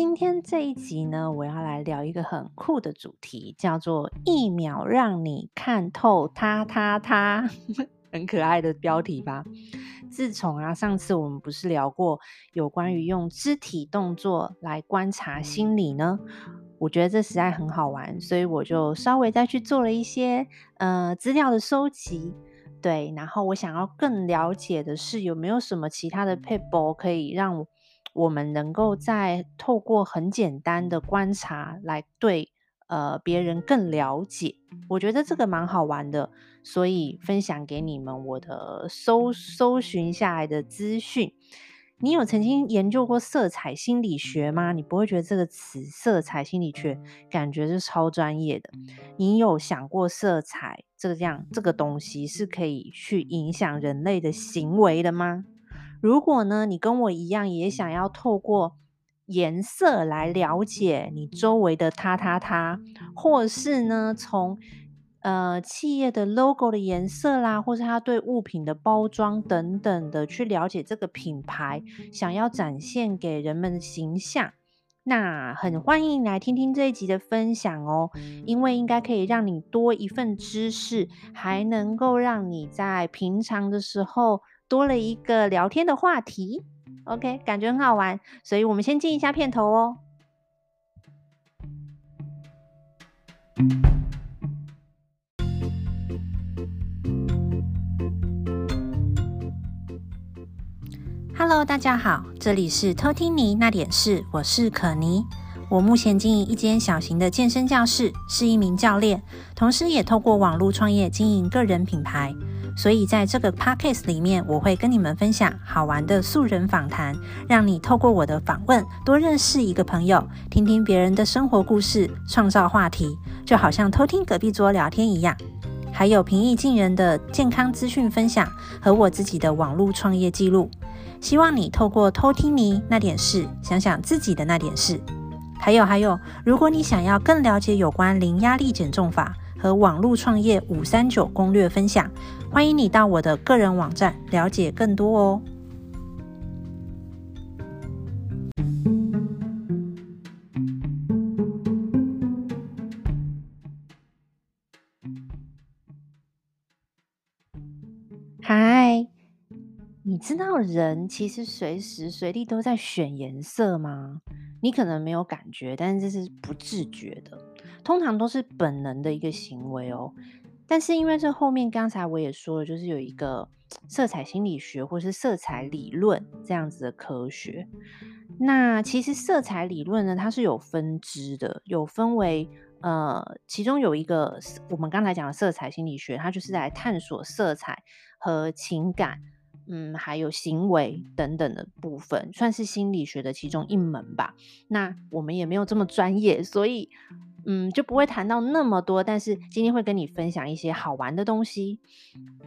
今天這一集呢，我要來聊一個很酷的主題，叫做“一秒讓你看透他他他呵呵”，很可愛的標題吧？自從啊，上次我們不是聊過有關於用肢體動作來觀察心理呢？我覺得這實在很好玩，所以我就稍微再去做了一些呃資料的收集。對，然後我想要更了解的是，有沒有什麼其他的 paper 可以讓我。我們能夠再透過很簡單的觀察來對，呃別人更了解，我覺得這個蠻好玩的，所以分享給你們我的搜搜尋下來的資訊。你有曾經研究過色彩心理學嗎？你不會覺得這個詞“色彩心理學”感覺是超專業的。你有想過色彩這個樣這個東西是可以去影響人類的行為的嗎？如果呢，你跟我一樣也想要透過顏色來了解你周圍的他他他，或是呢從呃企業的 logo 的顏色啦，或是它對物品的包裝等等的去了解這個品牌想要展現給人們的形象，那很歡迎來聽聽這一集的分享哦、喔，因為應該可以讓你多一份知識，還能夠讓你在平常的時候。多了一個聊天的話題，OK，感覺很好玩，所以我們先進一下片頭哦。Hello，大家好，這裡是偷聽妮那點事，我是可妮。我目前經營一間小型的健身教室，是一名教練，同時也透過網絡創業經營個人品牌。所以在這個 podcast 裡面，我會跟你們分享好玩的素人訪談，讓你透過我的訪問多認識一個朋友，聽聽別人的生活故事，創造話題，就好像偷聽隔壁桌聊天一樣。還有平易近人的健康資訊分享和我自己的網絡創業記錄。希望你透過偷聽妮那點事，想想自己的那點事。還有還有，如果你想要更了解有關零壓力減重法，和網路創業539攻略分享，歡迎你到我的個人網站了解更多哦。嗨，你知道人其實隨時隨地都在選顏色嗎？你可能沒有感覺，但是這是不自覺的。通常都是本能的一個行為哦，但是因為這後面剛才我也說了，就是有一個色彩心理學或是色彩理論這樣子的科學。那其實色彩理論呢，它是有分支的，有分為呃，其中有一個我們剛才講的色彩心理學，它就是來探索色彩和情感，嗯，還有行為等等的部分，算是心理學的其中一門吧。那我們也沒有這麼專業，所以。嗯，就不會談到那麼多，但是今天會跟你分享一些好玩的東西。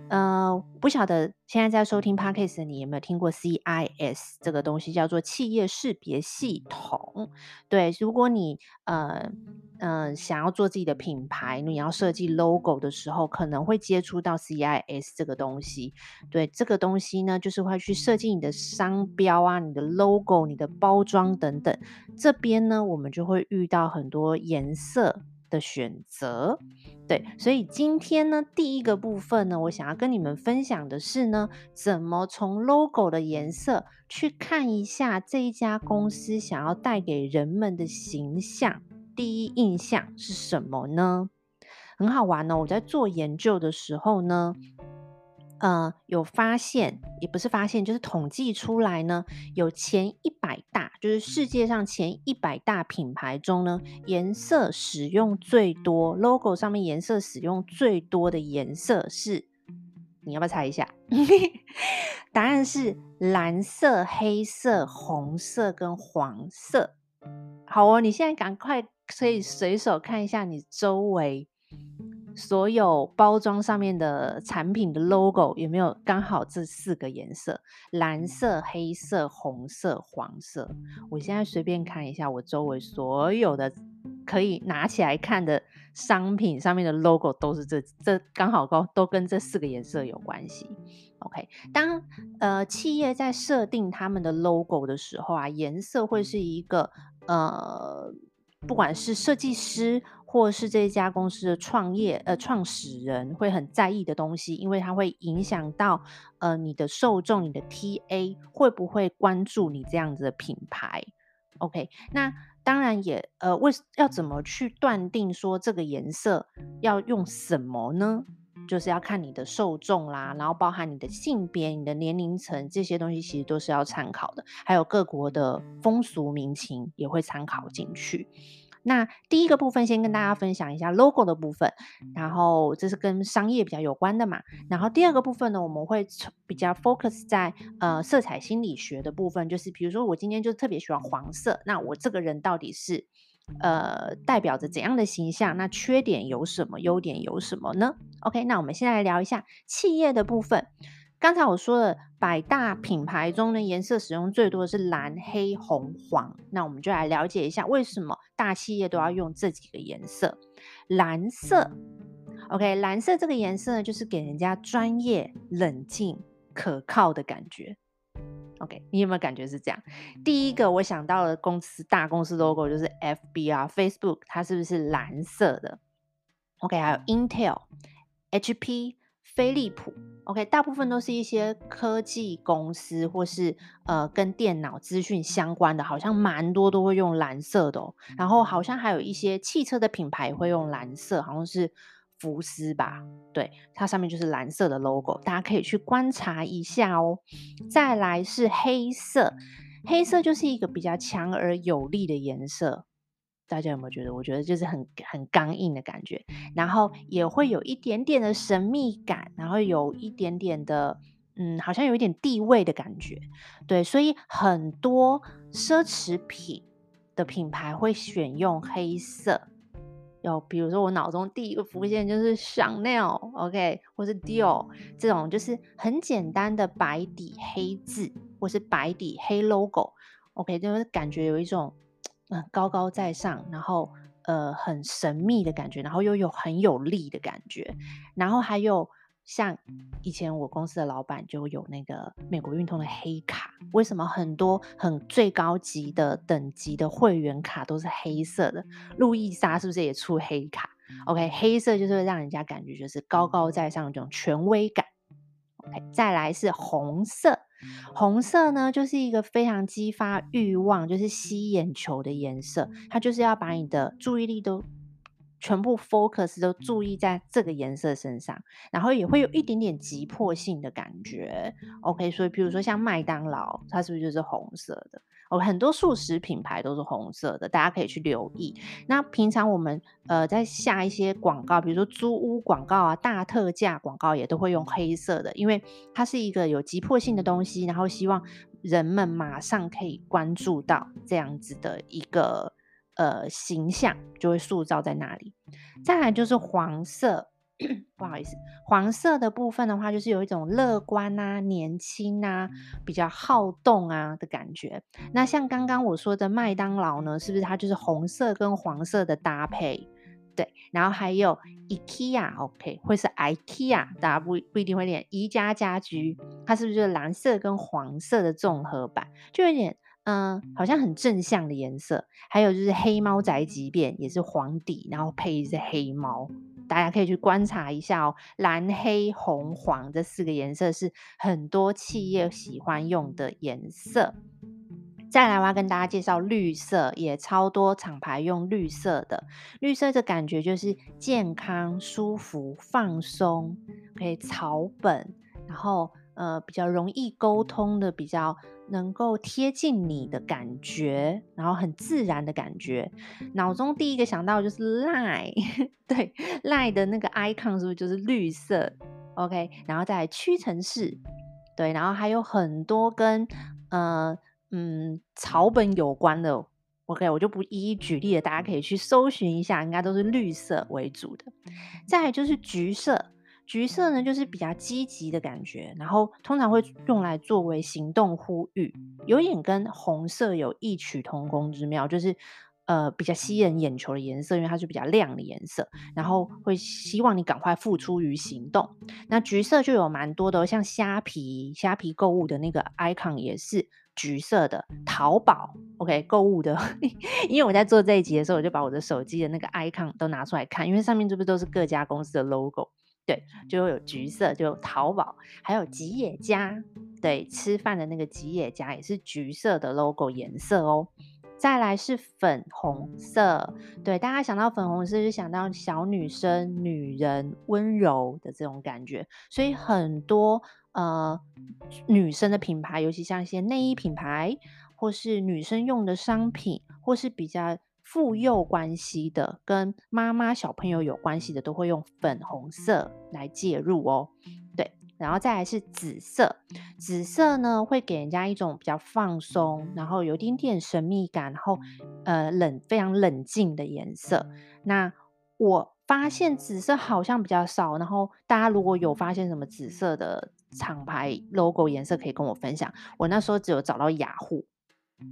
呃，不曉得現在在收聽 Podcast 的你有沒有聽過 CIS 這個東西，叫做企業識別系統。對，如果你呃，呃想要做自己的品牌，你要設計 logo 的時候，可能會接觸到 CIS 這個東西。對，這個東西呢，就是會去設計你的商標啊、你的 logo、你的包裝等等。這邊呢，我們就會遇到很多顏色。色的選擇，對，所以今天呢，第一個部分呢，我想要跟你們分享的是呢，怎麼從 logo 的顏色去看一下這一家公司想要帶給人們的形象，第一印象是什麼呢？很好玩呢，哦，我在做研究的時候呢。呃，有發現也不是發現，就是統計出來呢，有前一百大，就是世界上前一百大品牌中呢，顏色使用最多，logo 上面顏色使用最多的顏色是，你要不要猜一下？ 答案是藍色、黑色、紅色跟黃色。好哦，你現在趕快可以隨手看一下你周圍。所有包裝上面的產品的 logo 有沒有剛好這四個顏色：藍色、黑色、紅色、黃色？我現在隨便看一下，我周圍所有的可以拿起來看的商品上面的 logo 都是這這剛好跟都跟這四個顏色有關係。OK，當呃企業在設定他們的 logo 的時候啊，顏色會是一個呃，不管是設計師。或是這一家公司的創業，呃，創始人會很在意的東西，因為它會影響到，呃，你的受眾，你的 TA 會不會關注你這樣子的品牌？OK，那當然也，呃，為要怎麼去斷定說這個顏色要用什麼呢？就是要看你的受眾啦，然後包含你的性別、你的年齡層這些東西，其實都是要參考的，還有各國的風俗民情也會參考進去。那第一個部分先跟大家分享一下 logo 的部分，然後這是跟商業比較有關的嘛。然後第二個部分呢，我們會比較 focus 在呃色彩心理學的部分，就是比如說我今天就特別喜歡黃色，那我這個人到底是呃代表着怎樣的形象？那缺點有什麼？優點有什麼呢？OK，那我們現在來聊一下企業的部分。剛才我說的百大品牌中的顏色使用最多的是藍、黑、紅、黃。那我們就來了解一下，為什麼大企業都要用這幾個顏色？藍色，OK，藍色這個顏色呢，就是給人家專業、冷靜、可靠的感覺。OK，你有沒有感覺是這樣？第一個，我想到了公司大公司 logo，就是 F B R，Facebook，它是不是藍色的？OK，還有 Intel、H P。飛利浦，OK，大部分都是一些科技公司或是，呃跟電腦資訊相關的，好像蠻多都會用藍色的哦。然後好像還有一些汽車的品牌會用藍色，好像是福斯吧？對，它上面就是藍色的 logo，大家可以去觀察一下哦。再來是黑色，黑色就是一個比較強而有力的顏色。大家有沒有覺得？我覺得就是很很剛硬的感覺，然後也會有一點點的神秘感，然後有一點點的，嗯，好像有一點地位的感覺。對，所以很多奢侈品的品牌會選用黑色。有，比如說我腦中第一個浮現就是 Chanel，OK，或是 Dior 這種，就是很簡單的白底黑字，或是白底黑 logo，OK，就是感覺有一種。嗯，高高在上，然後呃很神秘的感覺，然後又有很有力的感覺，然後還有像以前我公司的老闆就有那個美國運通的黑卡。為什麼很多很最高級的等級的會員卡都是黑色的？路易莎是不是也出黑卡？OK，黑色就是會讓人家感覺就是高高在上的這種權威感。OK，再來是紅色。紅色呢，就是一個非常激發慾望，就是吸眼球的顏色。它就是要把你的注意力都全部 focus 都注意在這個顏色身上，然後也會有一點點急迫性的感覺。OK，所以比如說像麥當勞，它是不是就是紅色的？哦，很多速食品牌都是紅色的，大家可以去留意。那平常我們呃在下一些廣告，比如說租屋廣告啊、大特價廣告也都會用黑色的，因為它是一個有急迫性的東西，然後希望人們馬上可以關注到這樣子的一個呃形象，就會塑造在那裡。再來就是黃色。不好意思，黃色的部分的話，就是有一種樂觀啊、年輕啊、比較好動啊的感覺。那像剛剛我說的麥當勞呢，是不是它就是紅色跟黃色的搭配？對，然後還有 IKEA OK，會是 IKEA，大家不不一定會念宜家家居，它是不是就是藍色跟黃色的綜合版？就有點嗯，好像很正向的顏色。還有就是黑貓宅急便，也是黃底，然後配一隻黑貓。大家可以去觀察一下哦，藍、黑、紅、黃這四個顏色是很多企業喜歡用的顏色。再來，我要跟大家介紹綠色，也超多廠牌用綠色的。綠色的感覺就是健康、舒服、放鬆，可以草本，然後。呃，比較容易溝通的，比較能夠貼近你的感覺，然後很自然的感覺。腦中第一個想到就是 Line，對，Line 的那個 icon 是不是就是綠色？OK，然後再來屈臣氏，對，然後還有很多跟呃嗯草本有關的，OK，我就不一一舉例了，大家可以去搜尋一下，應該都是綠色為主的。再來就是橘色。橘色呢，就是比較積極的感覺，然後通常會用來作為行動呼籲，有點跟紅色有異曲同工之妙，就是呃比較吸引眼球的顏色，因為它是比較亮的顏色，然後會希望你趕快付諸於行動。那橘色就有蠻多的、哦，像蝦皮，蝦皮購物的那個 icon 也是橘色的，淘寶 OK 購物的， 因為我在做這一集的時候，我就把我的手機的那個 icon 都拿出來看，因為上面這不是都是各家公司的 logo。對，就有橘色，就有淘寶，還有吉野家，對，吃飯的那個吉野家也是橘色的 logo 顏色哦。再來是粉紅色，對，大家想到粉紅色，就想到小女生、女人溫柔的這種感覺。所以很多呃女生的品牌，尤其像一些內衣品牌，或是女生用的商品，或是比較。父幼關係的，跟媽媽小朋友有關係的，都會用粉紅色來介入哦。對，然後再來是紫色，紫色呢會給人家一種比較放鬆，然後有一點點神秘感，然後呃冷非常冷靜的顏色。那我發現紫色好像比較少，然後大家如果有發現什麼紫色的廠牌 logo 顏色，可以跟我分享。我那時候只有找到雅虎。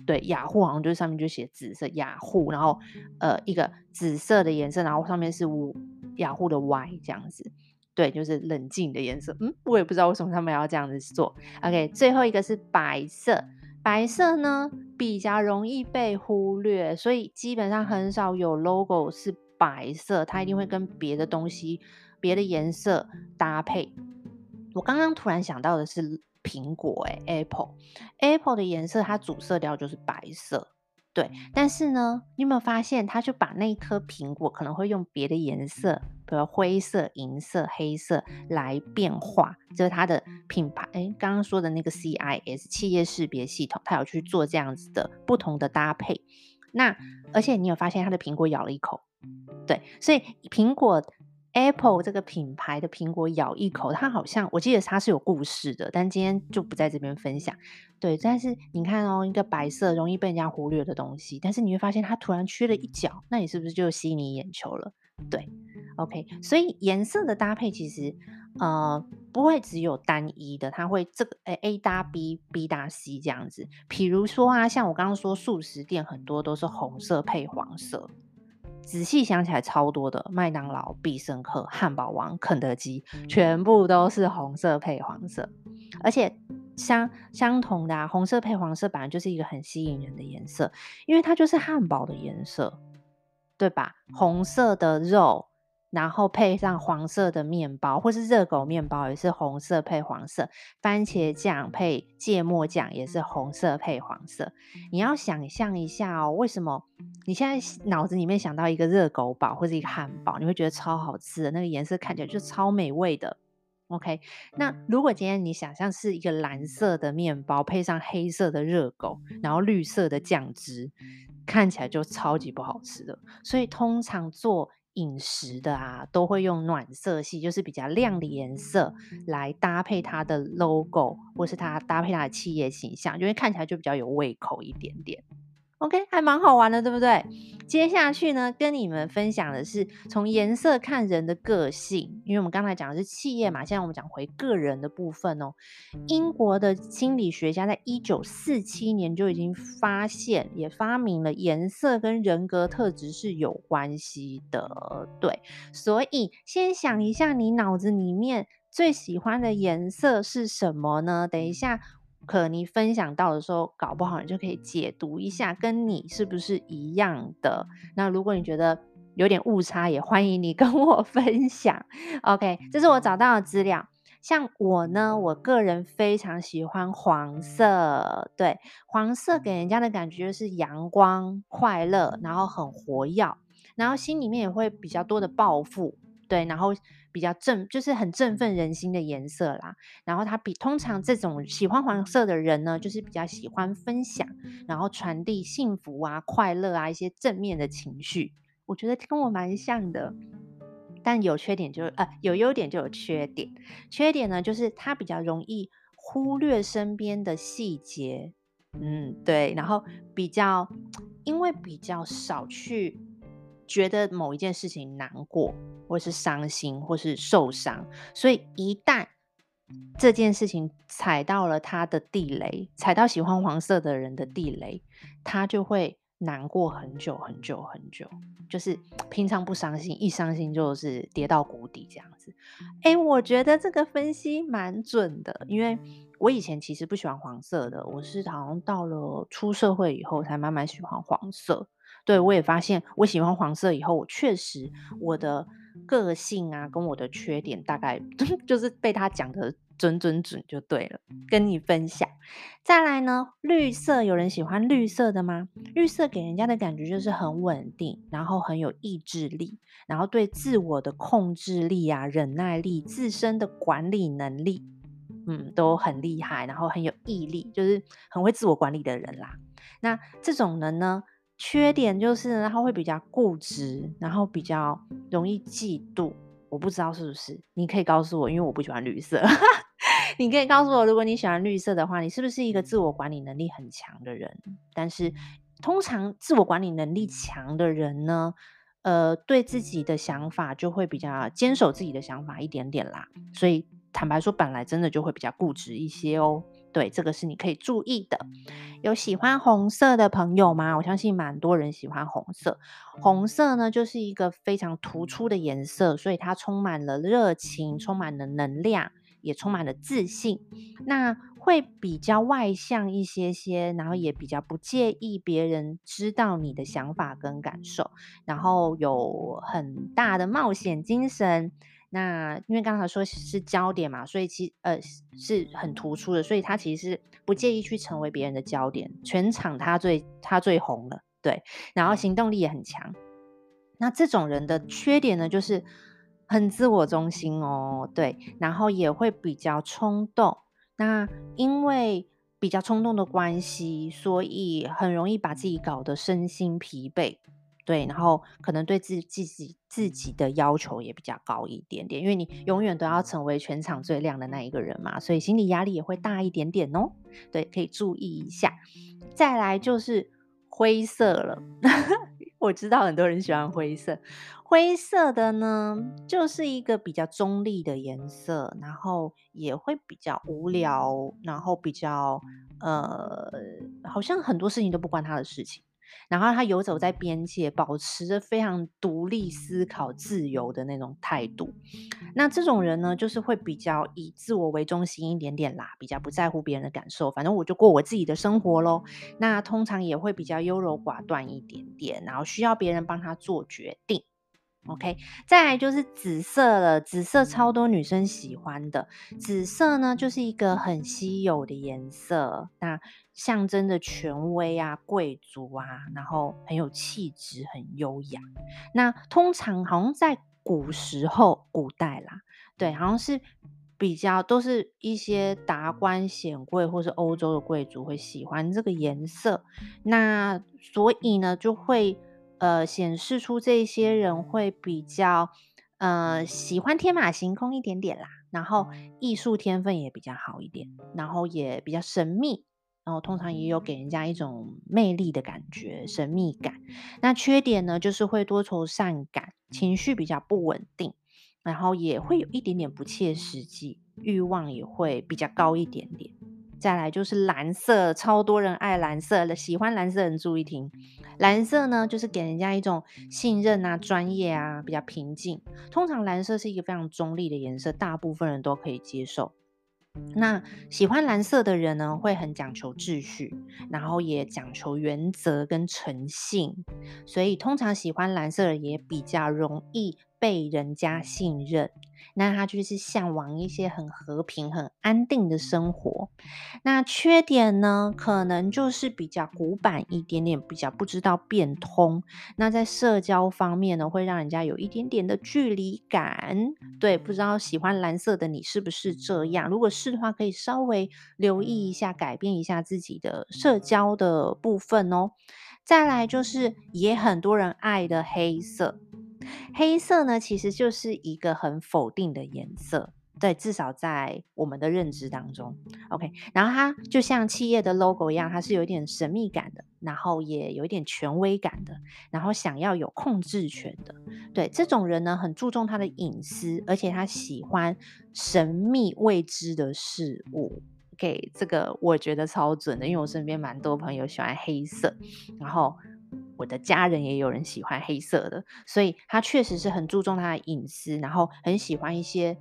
對，雅虎好像就是上面就寫紫色雅虎，然後呃一個紫色的顏色，然後上面是五雅虎的 Y 這樣子，對，就是冷靜的顏色。嗯，我也不知道為什麼他們要這樣子做。OK，最後一個是白色，白色呢比較容易被忽略，所以基本上很少有 logo 是白色，它一定會跟別的東西、別的顏色搭配。我剛剛突然想到的是。蘋果哎、欸，Apple，Apple 的顏色它主色調就是白色，對。但是呢，你有沒有發現它就把那一顆蘋果可能會用別的顏色，比如灰色、銀色、黑色來變化？這、就是它的品牌哎，剛、欸、剛說的那個 CIS 企業識別系統，它有去做這樣子的不同的搭配。那而且你有發現它的蘋果咬了一口，對，所以蘋果。Apple 這個品牌的蘋果咬一口，它好像我記得它是有故事的，但今天就不在這邊分享。對，但是你看哦、喔，一個白色容易被人家忽略的東西，但是你會發現它突然缺了一角，那你是不是就吸引你眼球了？對，OK，所以顏色的搭配其實呃不會只有單一的，它會這個 A 搭 B，B 搭 C 這樣子。比如說啊，像我剛剛說，速食店很多都是紅色配黃色。仔細想起來，超多的麥當勞、必勝客、漢堡王、肯德基，全部都是紅色配黃色，而且相相同的啊，紅色配黃色，本來就是一個很吸引人的顏色，因為它就是漢堡的顏色，對吧？紅色的肉。然後配上黃色的麵包，或是熱狗麵包也是紅色配黃色，番茄醬配芥末醬也是紅色配黃色。你要想象一下哦，為什麼你現在腦子裡面想到一個熱狗堡或是一個漢堡，你會覺得超好吃的，那個顏色看起來就超美味的。OK，那如果今天你想象是一個藍色的麵包配上黑色的熱狗，然後綠色的醬汁，看起來就超級不好吃的。所以通常做。飲食的啊，都會用暖色系，就是比較亮的顏色來搭配它的 logo，或是它搭配它的企業形象，就會看起來就比較有胃口一點點。OK，還蠻好玩的，對不對？接下去呢，跟你們分享的是從顏色看人的個性，因為我們剛才講的是企業嘛，現在我們講回個人的部分哦。英國的心理學家在一九四七年就已經發現，也發明了顏色跟人格特質是有關係的，對。所以先想一下，你腦子裡面最喜歡的顏色是什麼呢？等一下。可你分享到的時候，搞不好你就可以解讀一下，跟你是不是一樣的？那如果你覺得有點誤差，也歡迎你跟我分享。OK，這是我找到的資料。像我呢，我個人非常喜歡黃色，對，黃色給人家的感覺是陽光、快樂，然後很活躍，然後心裡面也會比較多的抱負，對，然後。比較正，就是很振奮人心的顏色啦。然後他比通常這種喜歡黃色的人呢，就是比較喜歡分享，然後傳遞幸福啊、快樂啊，一些正面的情緒。我覺得跟我蠻像的，但有缺點就是，呃，有優點就有缺點。缺點呢，就是他比較容易忽略身邊的細節。嗯，對。然後比較，因為比較少去。覺得某一件事情難過，或是傷心，或是受傷，所以一旦這件事情踩到了他的地雷，踩到喜歡黃色的人的地雷，他就會難過很久很久很久。就是平常不傷心，一傷心就是跌到谷底這樣子。欸，我覺得這個分析蠻準的，因為我以前其實不喜歡黃色的，我是好像到了出社會以後才慢慢喜歡黃色。對，我也發現我喜歡黃色以後，我確實我的個性啊，跟我的缺點大概就是被他講得準準準就對了。跟你分享，再來呢，綠色有人喜歡綠色的嗎？綠色給人家的感覺就是很穩定，然後很有意志力，然後對自我的控制力啊、忍耐力、自身的管理能力，嗯，都很厲害，然後很有毅力，就是很會自我管理的人啦。那這種人呢？缺點就是，他會比較固執，然後比較容易嫉妒。我不知道是不是，你可以告訴我，因為我不喜歡綠色。 你可以告訴我，如果你喜歡綠色的話，你是不是一個自我管理能力很強的人？但是，通常自我管理能力強的人呢，呃，對自己的想法就會比較堅守自己的想法一點點啦。所以，坦白說，本來真的就會比較固執一些哦。對，這個是你可以注意的。有喜歡紅色的朋友嗎？我相信蠻多人喜歡紅色。紅色呢，就是一個非常突出的顏色，所以它充滿了熱情，充滿了能量，也充滿了自信。那會比較外向一些些，然後也比較不介意別人知道你的想法跟感受，然後有很大的冒險精神。那因為剛才說是焦點嘛，所以其實呃是很突出的，所以他其實不介意去成為別人的焦點，全場他最他最紅了，對，然後行動力也很強。那這種人的缺點呢，就是很自我中心哦，對，然後也會比較衝動。那因為比較衝動的關係，所以很容易把自己搞得身心疲憊。對，然後可能對自己自己自己的要求也比較高一點點，因為你永遠都要成為全場最亮的那一個人嘛，所以心理壓力也會大一點點哦。對，可以注意一下。再來就是灰色了， 我知道很多人喜歡灰色。灰色的呢，就是一個比較中立的顏色，然後也會比較無聊，然後比較呃，好像很多事情都不關他的事情。然後他游走在邊界，保持着非常獨立思考、自由的那種態度。那這種人呢，就是會比較以自我為中心一點點啦，比較不在乎別人的感受，反正我就過我自己的生活咯。那通常也會比較優柔寡斷一點點，然後需要別人幫他做決定。OK，再來就是紫色了。紫色超多女生喜歡的，紫色呢就是一個很稀有的顏色，那象徵着權威啊、貴族啊，然後很有氣質、很優雅。那通常好像在古時候、古代啦，對，好像是比較都是一些達官顯貴或是歐洲的貴族會喜歡這個顏色。那所以呢，就會。呃，顯示出這些人會比較，呃，喜歡天馬行空一點點啦，然後藝術天分也比較好一點，然後也比較神秘，然後通常也有給人家一種魅力的感覺、神秘感。那缺點呢，就是會多愁善感，情緒比較不穩定，然後也會有一點點不切實際，慾望也會比較高一點點。再來就是藍色，超多人愛藍色，喜歡藍色的人注意聽，藍色呢就是給人家一種信任啊、專業啊，比較平靜。通常藍色是一個非常中立的顏色，大部分人都可以接受。那喜歡藍色的人呢，會很講求秩序，然後也講求原則跟誠信，所以通常喜歡藍色的人也比較容易被人家信任，那他就是嚮往一些很和平、很安定的生活。那缺點呢，可能就是比較古板一點點，比較不知道變通。那在社交方面呢，會讓人家有一點點的距離感。對，不知道喜歡藍色的你是不是這樣？如果是的話，可以稍微留意一下，改變一下自己的社交的部分哦。再來就是，也很多人愛的黑色。黑色呢，其實就是一個很否定的顏色，對，至少在我們的認知當中，OK。然後它就像企業的 logo 一樣，它是有一點神秘感的，然後也有一點權威感的，然後想要有控制權的。對，這種人呢，很注重他的隱私，而且他喜歡神秘未知的事物。給、OK，這個，我覺得超準的，因為我身邊蠻多朋友喜歡黑色，然後。我的家人也有人喜歡黑色的，所以他確實是很注重他的隱私，然後很喜歡一些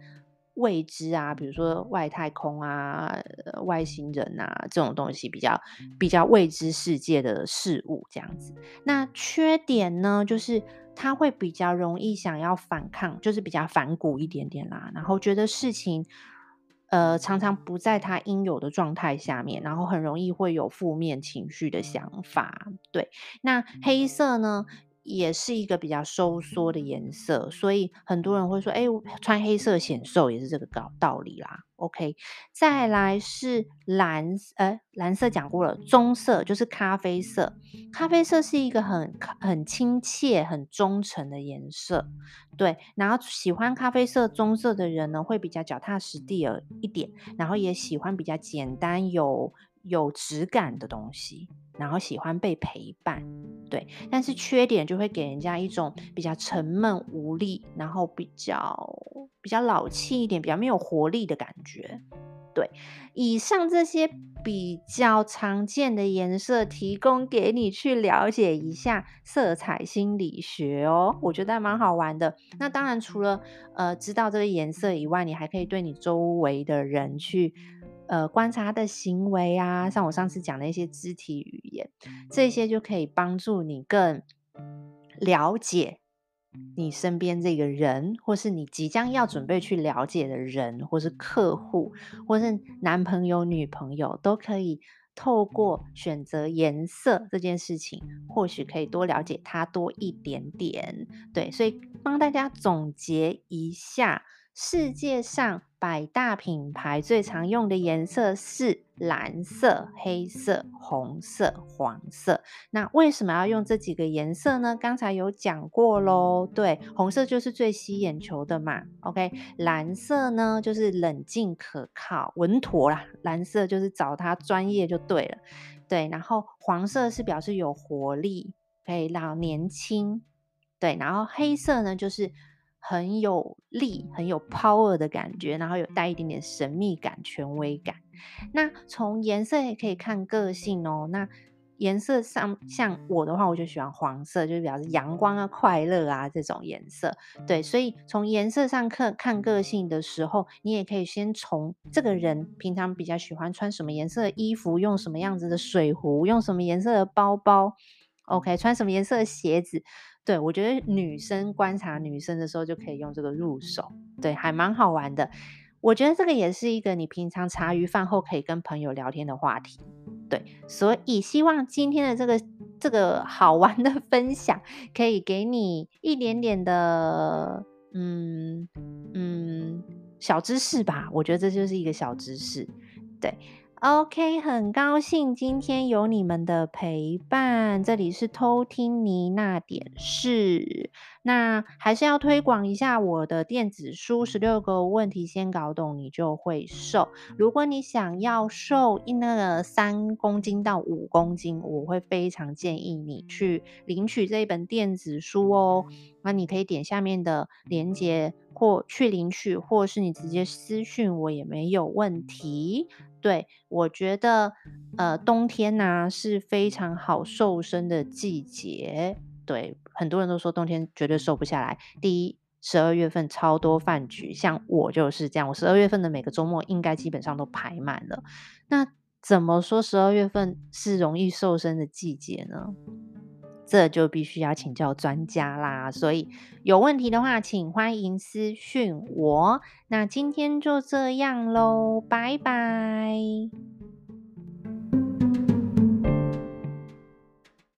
未知啊，比如說外太空啊，呃，外星人啊這種東西比較比較未知世界的事物這樣子。那缺點呢，就是他會比較容易想要反抗，就是比較反骨一點點啦，然後覺得事情。呃，常常不在他應有的狀態下面，然後很容易會有負面情緒的想法。嗯、對，那黑色呢？嗯也是一個比較收縮的顏色，所以很多人會說，哎，穿黑色顯瘦，也是這個道道理啦。OK，再來是藍，呃，藍色講過了，棕色，就是咖啡色，咖啡色是一個很很親切、很忠誠的顏色，對。然後喜歡咖啡色、棕色的人呢，會比較腳踏實地有一點，然後也喜歡比較簡單、有有質感的東西。然後喜歡被陪伴，對，但是缺點就會給人家一種比較沉悶無力，然後比較比較老氣一點，比較沒有活力的感覺，對。以上這些比較常見的顏色，提供給你去了解一下色彩心理學哦，我覺得還蠻好玩的。那當然，除了呃知道這個顏色以外，你還可以對你周圍的人去。呃，觀察的行為啊，像我上次講的一些肢體語言，這些就可以幫助你更了解你身邊這個人，或是你即將要準備去了解的人，或是客戶，或是男朋友、女朋友，都可以透過選擇顏色這件事情，或許可以多了解他多一點點。對，所以幫大家總結一下，世界上。百大品牌最常用的顏色是藍色、黑色、紅色、黃色。那為什麼要用這幾個顏色呢？剛才有講過咯，對，紅色就是最吸眼球的嘛。OK，藍色呢就是冷靜可靠、穩妥啦，藍色就是找他專業就對了。對，然後黃色是表示有活力，可以老年輕。對，然後黑色呢就是。很有力、很有 power 的感覺，然後有帶一點點神秘感、權威感。那從顏色也可以看個性哦。那顏色上，像我的話，我就喜歡黃色，就是表示陽光啊、快樂啊這種顏色。對，所以從顏色上看，看個性的時候，你也可以先從這個人平常比較喜歡穿什麼顏色的衣服，用什麼樣子的水壺，用什麼顏色的包包。OK，穿什麼顏色的鞋子？對，我覺得女生觀察女生的時候就可以用這個入手，對，還蠻好玩的。我覺得這個也是一個你平常茶餘飯後可以跟朋友聊天的話題，對。所以希望今天的這個這個好玩的分享，可以給你一點點的，嗯嗯，小知識吧。我覺得這就是一個小知識，對。OK，很高興今天有你們的陪伴。這裡是偷聽妮那點事，那還是要推廣一下我的電子書《十六個問題先搞懂，你就會瘦》。如果你想要瘦一那個三公斤到五公斤，我會非常建議你去領取這一本電子書哦。那你可以點下面的鏈接，或去領取，或是你直接私訊我也沒有問題。對，我覺得，呃，冬天呢、啊、是非常好瘦身的季節。對，很多人都說冬天絕對瘦不下來。第一，十二月份超多飯局，像我就是這樣，我十二月份的每個周末應該基本上都排滿了。那怎麼說十二月份是容易瘦身的季節呢？這就必須要請教專家啦，所以有問題的話，請歡迎私訊我。那今天就這樣嘍，拜拜。